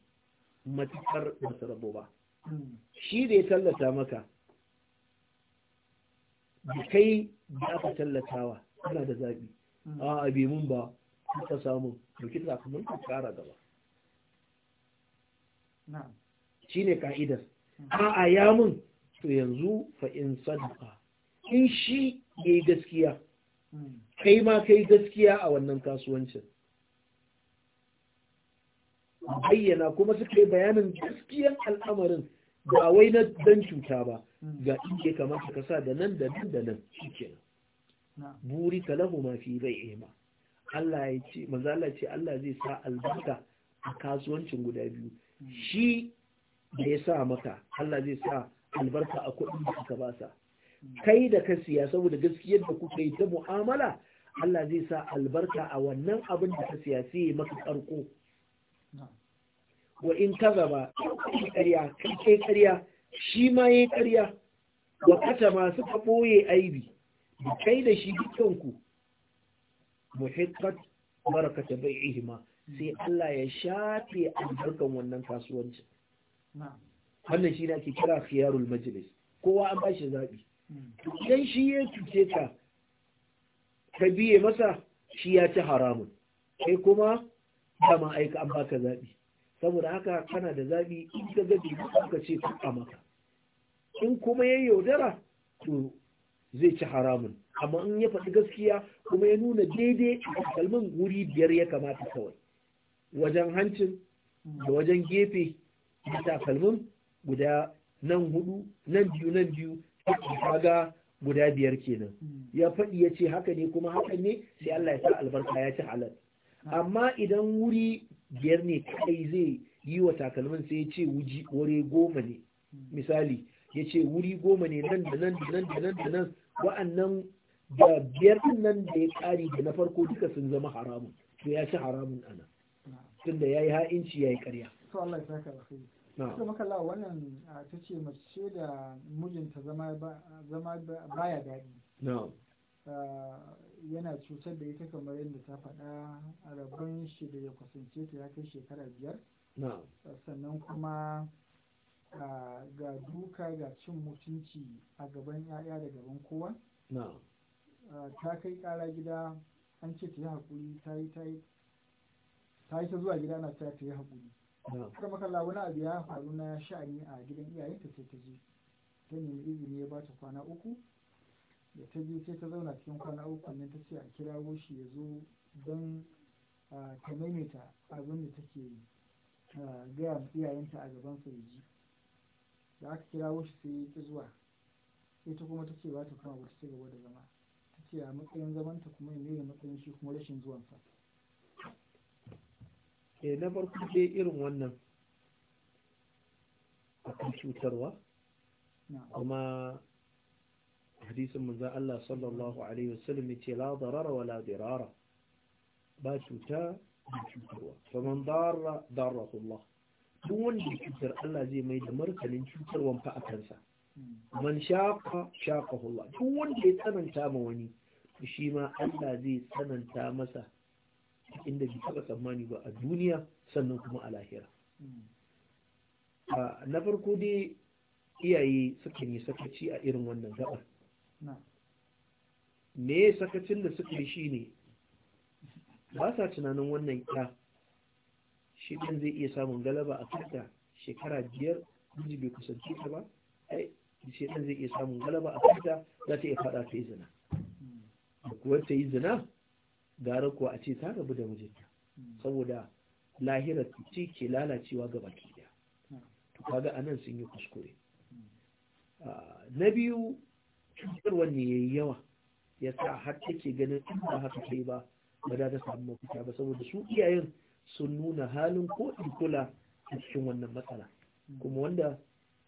matuƙar masu rabo ba hmm. shi da ya tallata maka da kai da aka tallatawa suna da zaɓi hmm. a abi mun ba kuka samu dauki kuma ka kara gaba shi ne ka'idar hmm. a a ya mun to yanzu fa'in sadaka in shi ya yi gaskiya kai ma kai gaskiya a wannan kasuwancin bayyana kuma suka yi bayanin gaskiyan al'amarin ba wai na dan cuta ba hmm. ga inke kamar ka sa da nan da nan da nan shikenan buri lahu ma fi bai'ima Allah ya ce manzo Allah ce Allah zai sa albarka a kasuwancin guda biyu hmm. shi da ya sa maka Allah zai sa albarka a kuɗin da ka ba sa kai da ka siya saboda gaskiyar da kuka yi ta mu'amala Allah zai sa albarka a wannan abin da ka siya sai ya maka karko wa in kaza ba ƙarya kai ƙarya shi ma yayi ƙarya wa kata ma suka boye aibi kai da shi dukanku muhiqqat bai bai'ihima sai Allah ya shafe albarkan wannan kasuwanci wannan shi ne ake kira khiyarul majlis kowa an bashi zaɓi. idan shi ya cuce ka ka biye masa shi ya ci haramun kai kuma dama aika an baka zaɓi saboda haka kana da zaɓi in ka gaji ka ce ka maka in kuma ya yaudara to zai ci haramun amma in ya faɗi gaskiya kuma ya nuna daidai a kalmin wuri biyar ya kamata kawai wajen hancin da wajen gefe da takalmin guda nan hudu nan biyu nan biyu kaga guda biyar kenan hmm. ya faɗi ya ce haka ne kuma haka ne sai Allah ya sa albarka ya ci halal ah. amma idan wuri biyar ne kai zai yi wa takalmin sai ya ce wuri goma ne hmm. misali ya ce wuri goma ne nan da nan da nan da nan da nan wa'annan da biyar nan da ya ƙari da na farko duka sun zama haramun to ya ci haramun ana ah. tunda ya yi ha'inci ya yi ƙarya maka makalla wannan ta ce mace da mijinta zama baya daɗi. Yana cutar da ita kamar yadda ta faɗa a rabin shi da ya kusance ta ya kai shekara biyar. Sannan kuma ga duka ga cin mutunci a gaban 'ya'ya da gaban kowa. Ta kai ƙara gida an ce ta yi haƙuri ta yi ta zuwa gida na ta yi haƙuri. kuma makalla wani abu ya faru na sha'ani a gidan iyayenta sai ta je ta nemi izini ya bata ta kwana uku da ta je sai ta zauna cikin kwana uku ne ta ce a kirawo shi ya zo don ta maimaita abin da take gaya iyayenta a gaban sa da aka kirawo shi sai ya ki zuwa ita kuma ta ce ba ta kuma ba ta ci gaba da zama ta ce a matsayin zamanta kuma ne matsayin shi kuma rashin zuwansa. E na farko dai irin wannan a kan cutarwa kuma hadisin manzan Allah sallallahu alaihi wasallam yace la darara wala dirara ba cuta ba cutarwa faman darra darrahu Allah duk wanda cutar Allah zai mai da martanin cutarwan fa a kansa hmm. man shaqa shaqahu Allah duk wanda ya tsananta ma wani shi ma Allah zai tsananta masa inda bai taɓa tsammani ba a duniya sannan kuma a lahira hmm. na farko dai iyaye suka yi sakaci a irin wannan gabar me sakacin da suka yi shi ne ba sa tunanin wannan ya shi ɗan zai iya samun galaba a kanta shekara biyar miji bai kusanci ta ba ai shi ɗan zai iya samun galaba a kanta za ta iya faɗa ta yi zina hmm. da kuwa ta yi zina gara kuwa a ce ta rabu da mijinta hmm. saboda lahirar ce ke lalacewa ga baki daya kaga anan sun yi kuskure hmm. ah, na biyu cutarwar ne yi yawa ya sa har take ganin in ba haka kai ba ba za ta samu mafita ba saboda su iyayen sun nuna halin ko in kula a cikin wannan matsala hmm. kuma wanda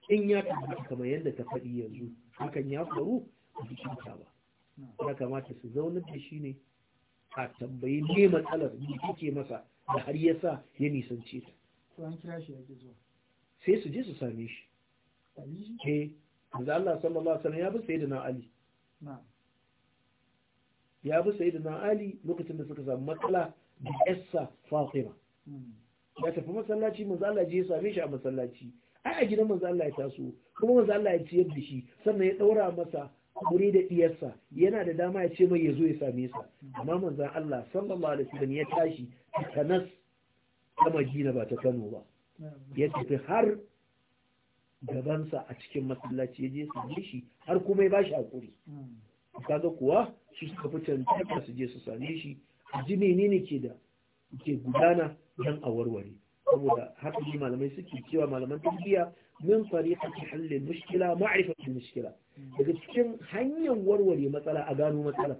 in ya tabbata kamar yadda ta faɗi yanzu hakan ya faru a cikin ta ba ya kamata su zaunar da shi ne a tambayi ne matsalar ne kake masa da har ya sa ya nisance ta sai su je su same shi eh da Allah sallallahu alaihi wasallam ya bi sayyidina Ali ya bi da Ali lokacin da suka samu matsala da Essa Fatima hmm. ya tafi masallaci manzo Allah je ya same shi a masallaci ai a gidan manzo Allah ya taso kuma manzo Allah ya ciyar da shi sannan ya daura masa aure da iyarsa yana da dama ya ce mai ya zo ya same sa amma manzan Allah sallallahu alaihi wasallam ya tashi kanas ta Madina ba ta Kano ba ya tafi har gabansa a cikin masallaci ya je su shi har kuma ya bashi hakuri kaga kuwa su suka fi cancanta su je su same shi a ji menene ke da ke gudana dan a warware saboda haka ne malamai suke cewa malaman tarbiyya min fariqati halli mushkila ma'rifati mushkila daga cikin hanyar warware matsala a gano matsala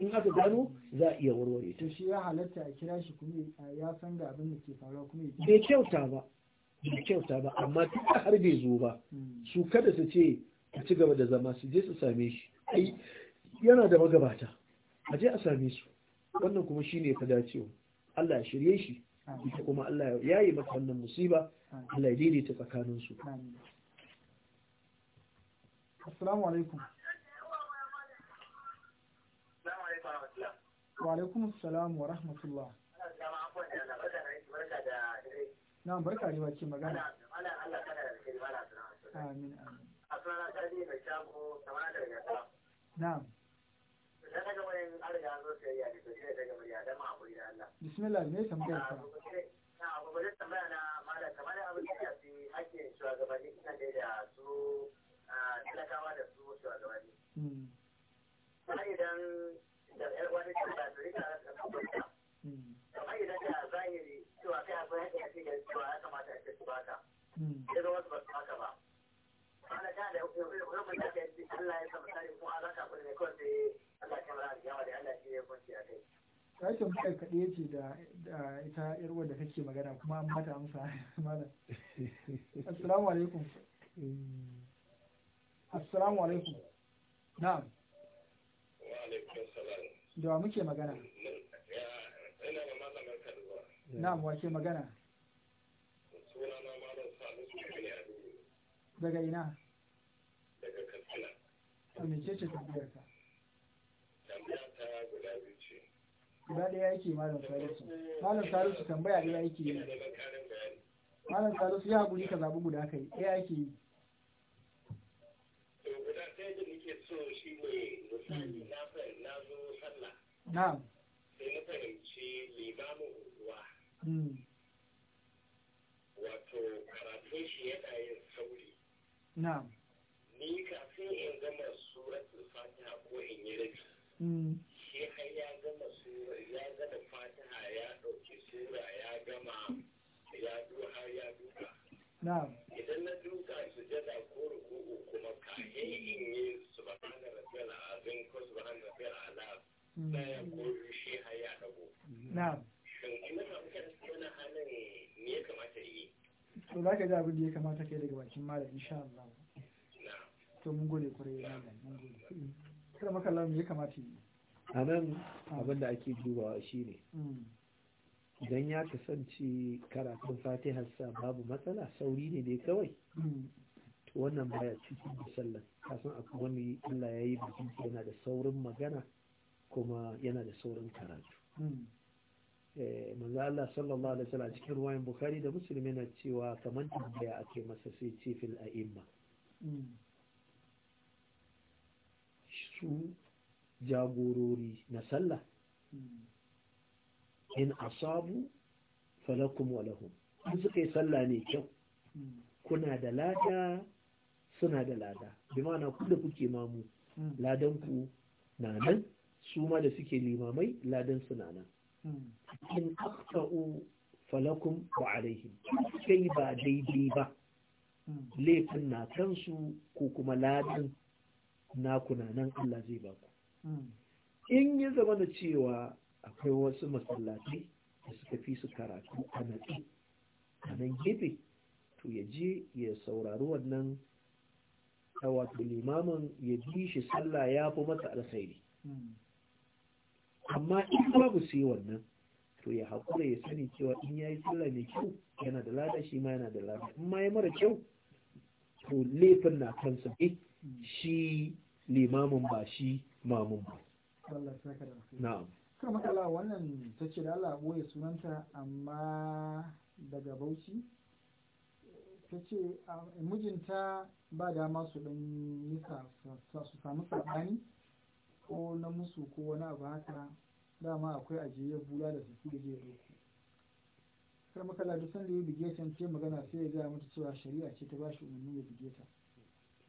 in aka gano za a iya warware to shi ya halatta a kira shi kuma ya san da abin da ke faruwa kuma ya bai kyauta ba bai kyauta ba amma duk har bai zo ba hmm. su kada su ce a ci gaba da zama su je su same shi ai yana da magabata a je a same su wannan kuma shine ka dacewa Allah ya shirye shi kuma Allah ya yi mata wannan musiba Allah ya daidaita tsakaninsu assalamu alaikum wa alaikum assalam wa rahmatullah na barka ne wace magana amin amin da daga zo sai ya to sai daga na na talakawa da su shugabanni har hmm. idan da yar wani ba su rika da hmm. kuma idan da zahiri cewa kai akwai haƙƙi a cikin cewa ya kamata a ce su baka hmm. sai da wasu ba su baka ba ana ta da rubin da ke ji Allah ya sama sai kuma an raka kuɗi ne kawai sai Allah ya mara alƙiyama da Allah ya kunci a kai ta tambayar kaɗe ce da ita yar wadda kake magana kuma mata amsa malam assalamu alaikum eh. assalamu alaikum na'am da wa muke magana Ya, na'am ke magana Suna na daga ina daga katsina a mece ce ce tambayar ka tambaya guda biyu ce guda ɗaya yake malam salisu malam salisu tambaya ɗaya yake yi malam salisu ya guri ka zaɓi guda kai ɗaya yake yi nake so shi ne misali hmm. na na zo sallah sai na fahimci limamin unguwa hmm. wato karatun shi yana yin sauri ni kafin in gama suratul fatiha ko in yi rabi hmm. shi har ya gama sura ya gama fatiha ya ɗauki sura ya gama ya har ya duka na'am idan na duka sujada ko ruku'u kuma kahin in yi subhana rabbiyal azim ko subhana rabbiyal ala daya hmm. ko shi har ya dago hmm. na'am shin ina ka fuka cikin halin me ya kamata yi to zaka ji abin da ya kamata kai daga bakin malam insha Allah to mun gode ya malam mun gode kada maka Allah ya kamata yi a nan ah. abin da ake dubawa shine hmm. idan ya kasance karatun fatiharsa babu matsala sauri ne dai kawai hmm. wannan baya cikin da kasan akwai wani Allah ya yi bikin yana da saurin magana kuma yana da saurin karatu hmm. eh, manzo Allah sallallahu alaihi wasallam cikin ruwayan bukhari da muslim yana cewa kaman tambaya ake masa sai ce fil a'imma hmm. su jagorori na sallah in asabu falakum wa lahum in suka yi sallah ne kyau kuna da lada suna da lada bi ma'ana ku da kuke mamu ladan ku na nan su ma da suke limamai ladan su na nan in aqta'u falakum wa alaihim kai ba daidai ba laifin na kansu ko kuma ladan naku na nan Allah zai ba ku hmm. in yi zama da cewa akwai wasu masallatai da suka fi su karatu a natsi a nan gefe to ya je ya saurari wannan wato limamin ya bi shi sallah ya fi masa alkhairi amma in babu sai wannan to ya haƙura ya sani cewa in ya yi sallah mai kyau yana da lada shi ma yana da lada in ma ya mara kyau to laifin na kansa ne shi limamin ba shi mamun ba na'am kar makala wannan ta ce da Allah boye sunanta amma daga bauchi ta ce mijinta ba dama su ɗan yi su samu saɓani ko na musu ko wani abu haka dama akwai ajiye bula da su da je ɗauko kar makala duk sanda ya bige ta ce magana sai ya gaya mata cewa shari'a ce ta ba shi umarni ya bige ta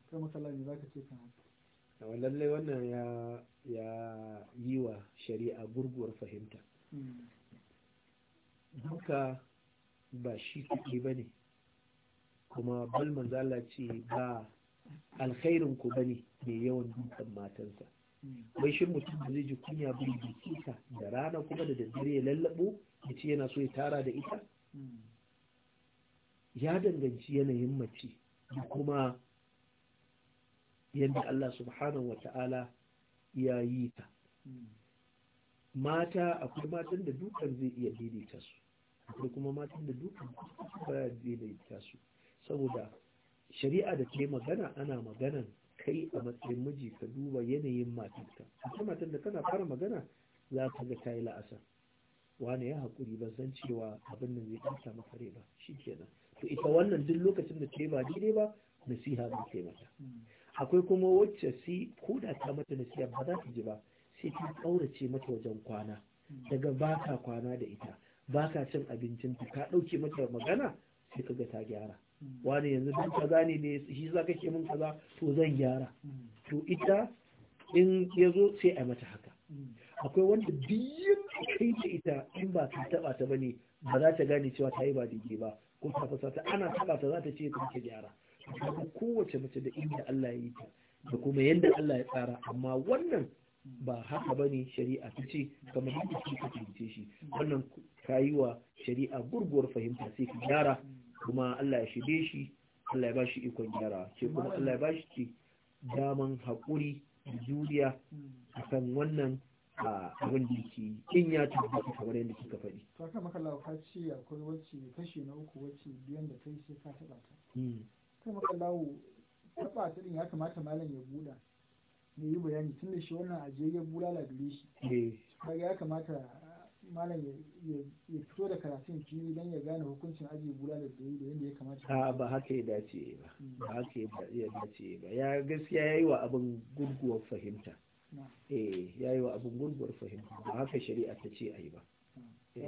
kar makala ne za ka ce ka haka lallai wannan ya yi wa shari'a gurguwar fahimta duka hmm. ba shi kuɗi ba ne kuma balman ce ba alkhairin ku ba ne mai yawan dukan matansa Mai hmm. shi mutum da zai ji kunya bai biki ta da rana kuma da daddare ya lallabo ya ce yana so ya tara da ita hmm. ya danganci yanayin mace da kuma yadda Allah subhanahu wa ta'ala ya yi ta mata akwai matan da dukan zai iya daidaita su akwai kuma matan da dukan ba ya daidaita su saboda shari'a da ke magana ana maganan kai a matsayin miji ka duba yanayin matanka. akwai matan da kana fara magana za ka ga ta yi la'asar wani ya haƙuri ba san cewa abin nan zai ɗauka masa rai ba shi kenan to ita wannan duk lokacin da ta yi ba daidai ba nasiha ba ta mata akwai kuma wacce si ko da ta mata nasiya ba za ta ji ba sai ta kaurace mata wajen kwana daga baka kwana da ita baka cin abincin ta ka dauke mata magana sai kaga ta gyara wani yanzu dan kaza ne ne shi za ka kake min kaza to zan gyara to ita in yazo sai a mata haka akwai wanda biyan kai da ita in ba ta taba ta bane ba za ta gane cewa ta yi ba daidai ba ko ta fasa ta ana taba ta za ta ce ka gyara babu kowace mace da inda Allah ya yi ta da kuma yadda Allah ya tsara amma wannan ba haka bane shari'a ta ce kamar yadda shi ka fahimce shi wannan kayi wa shari'a gurguwar fahimta sai ka gyara kuma Allah ya shige shi Allah ya bashi ikon gyara ce kuma Allah ya bashi ce daman haƙuri da juriya a kan wannan abin da ke in ya tabbata kamar yadda kika faɗi. Farka maka lafa ce akwai wacce kashi na uku wacce biyan da kai sai ka taɓa ta. Hmm. kuma lawo taɓa ta ya kamata malam ya buɗa ne yi bayani tun da shi wannan ajiye ya la gare shi eh. kaga ya kamata malam ya fito da karatun fili don ya gane hukuncin ajiye bulala da yi da yadda ya kamata a ba haka ya dace ba hmm. ba haka ya dace ba ya gaskiya ya yi wa abin gurguwar fahimta eh ya yi wa abin gurguwar fahimta ba haka shari'a ta ce a yi ba Eh,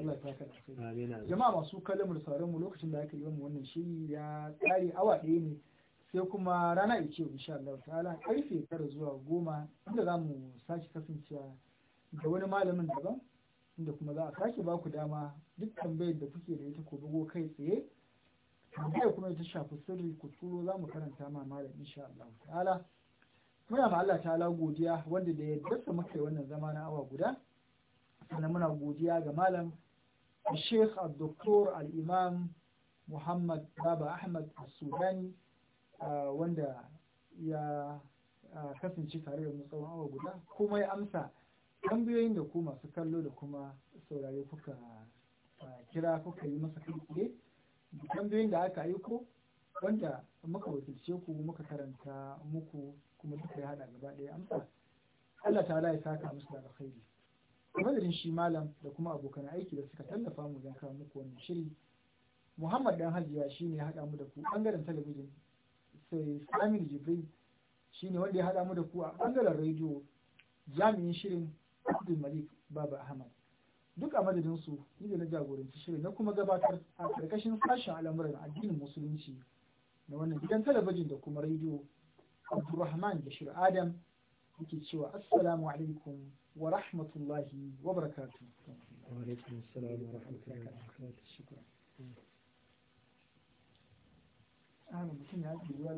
jama'a masu kalamar sauran mu lokacin da aka yi mu wannan shiri ya tsare awa ɗaya ne sai kuma rana ya ce insha Allah ta'ala karfe tara zuwa goma inda za mu sake kasancewa da wani malamin daban inda kuma za a sake ba ku dama duk tambayar da kuke da ita ko bugo kai tsaye tambayar kuma ita shafi sirri ku turo za mu karanta ma malam insha Allah ta'ala muna ma Allah ta'ala godiya wanda da ya dasa muka wannan zama na awa guda sannan muna godiya ga malam Sheikh Abdulkur Al-Imam Muhammad Baba Ahmad Al-Sudani ah, wanda ya ah, kasance tare da mu tsawon awa guda kuma ya amsa tambayoyin da ku masu kallo da kuma saurare kuka ah, kira kuka yi masa kai tsaye tambayoyin da aka aiko wanda muka wakilce ku muka karanta muku kuma duka ya hada gaba ɗaya amsa Allah Taala ya saka musu da alkhairi madadin shi malam da kuma abokan aiki da suka tallafa mu don kawo muku wannan shiri muhammad dan hajiya shine ya haɗa mu da ku ɓangaren talabijin sai samir jibril shine wanda ya haɗa mu da ku a ɓangaren rediyo jami'in shirin abdul malik baba ahmad duk a madadin su ni da na jagoranci shirin na kuma gabatar a ƙarƙashin sashen al'amuran addinin musulunci na wannan gidan talabijin da kuma rediyo abdulrahman bashir adam yake cewa assalamu alaikum wa rahmatullahi wa barakatuh. Wa mutum ya